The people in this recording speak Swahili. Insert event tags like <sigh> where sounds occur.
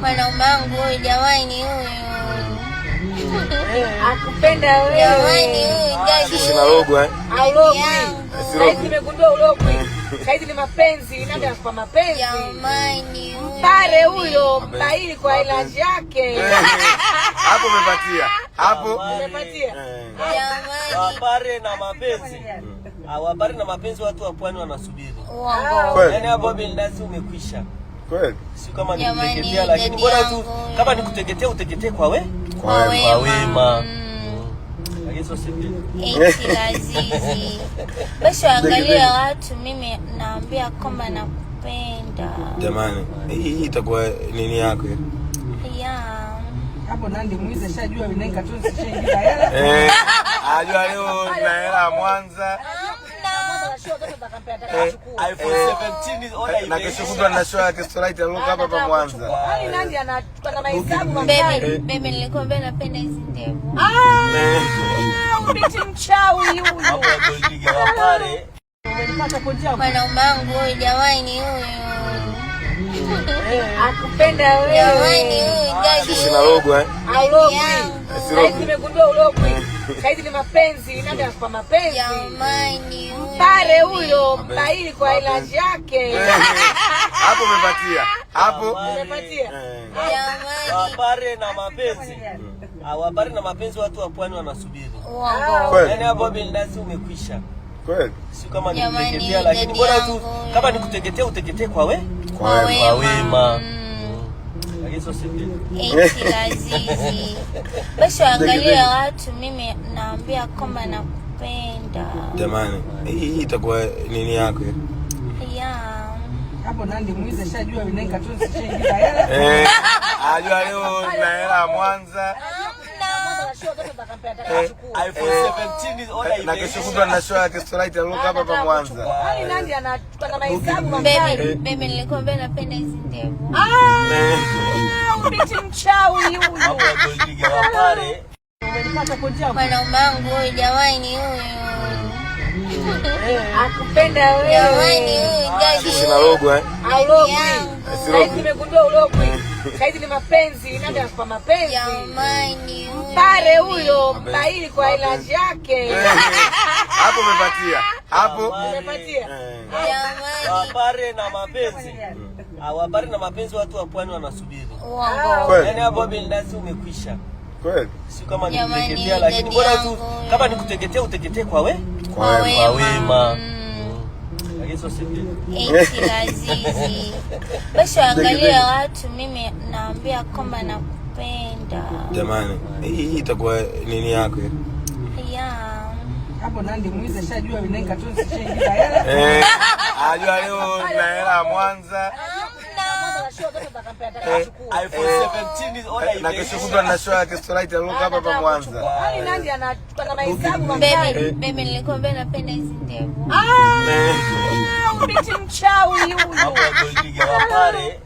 mwanaume wangu huyu, eh. jamani, huyu akupenda ah, wewe, jamani, huyu eh? eh, nimegundua ni mapenzi, nada kwa mapenzi, jamani, mpare huyo mtahili kwa ilaji yake hapo umepatia hapo umepatia habari na mapenzi habari na mapenzi, watu wa pwani wanasubiri. Yaani hapo bilnazi umekwisha. Kweli. Si kama ni nikutegemea lakini bora tu kama ni nikutegetea utegetee kwa we kwa wema. Mm. Lazizi basi waangalie watu, mimi naambia kwamba nakupenda jamani. Hii itakuwa nini yako hapo? Nandi mwize shajua, tu eh, ajua leo na hela Mwanza ah. Eh, eh, na kesho kutwa na show yake Starlight alikuwa hapa pa Mwanza. Eh. Mimi nilikwambia napenda hizi ndevu. Ah, Ubiti mchawi <laughs> huyu. Mwanaume wangu huyu jamani, huyu akupenda wewe jamani, huyu dadi. Ah, Sina logo eh? Ai yaani logo. Nimegundua ulogo. Saizi ni mapenzi, labda kwa mapenzi. Jamani, mpare huyo mbaili kwa ilaji yake eh, eh, eh. hapo umepatia, hapo umepatia. Wapare na mapenzi, wapare na mapenzi, watu wa pwani wanasubiri. Yaani hapo bilnazi umekwisha kweli, si kama nikutegetea, lakini bora tu kama nikutegetea, utegetee kwa we kwa wema. Mm pesa Basi waangalie watu, mimi naambia kwamba nakupenda jamani. Hii itakuwa nini yako yeah. Eh, ajua leo na Mwanza Eh, eh, na Mwanaume wangu jamani, huyu eh, akupenda wewe. Jamani huyu gagi. Ah, sisi logo eh. Au yaani logo. Yaani nimegundua ulogo saizi ni mapenzi naga kwa mapenzi. Jamani, mpare huyo mbaili kwa ilaji yake hapo umepatia, hapo umepatia. mpare na mapenzi, wapare na mapenzi, watu wa pwani wanasubiri. Ah. Yaani hapo bildazi umekwisha kweli, si kama nikuteketea, lakini bora tu kama nikuteketea uteketee kwa we kwa wema hizo eti Lazizi. Basi waangalia watu, mimi naambia kwamba nakupenda jamani. Hii itakuwa nini yako yeah. Hapo eh, leo na Mwanza ah, Eh, eh, na kesho kutwa na show ya Kesolight aliloka hapa pa Mwanza. Mimi nilikwambia napenda hizi ndevu. Ah, eh. mchawi huyu.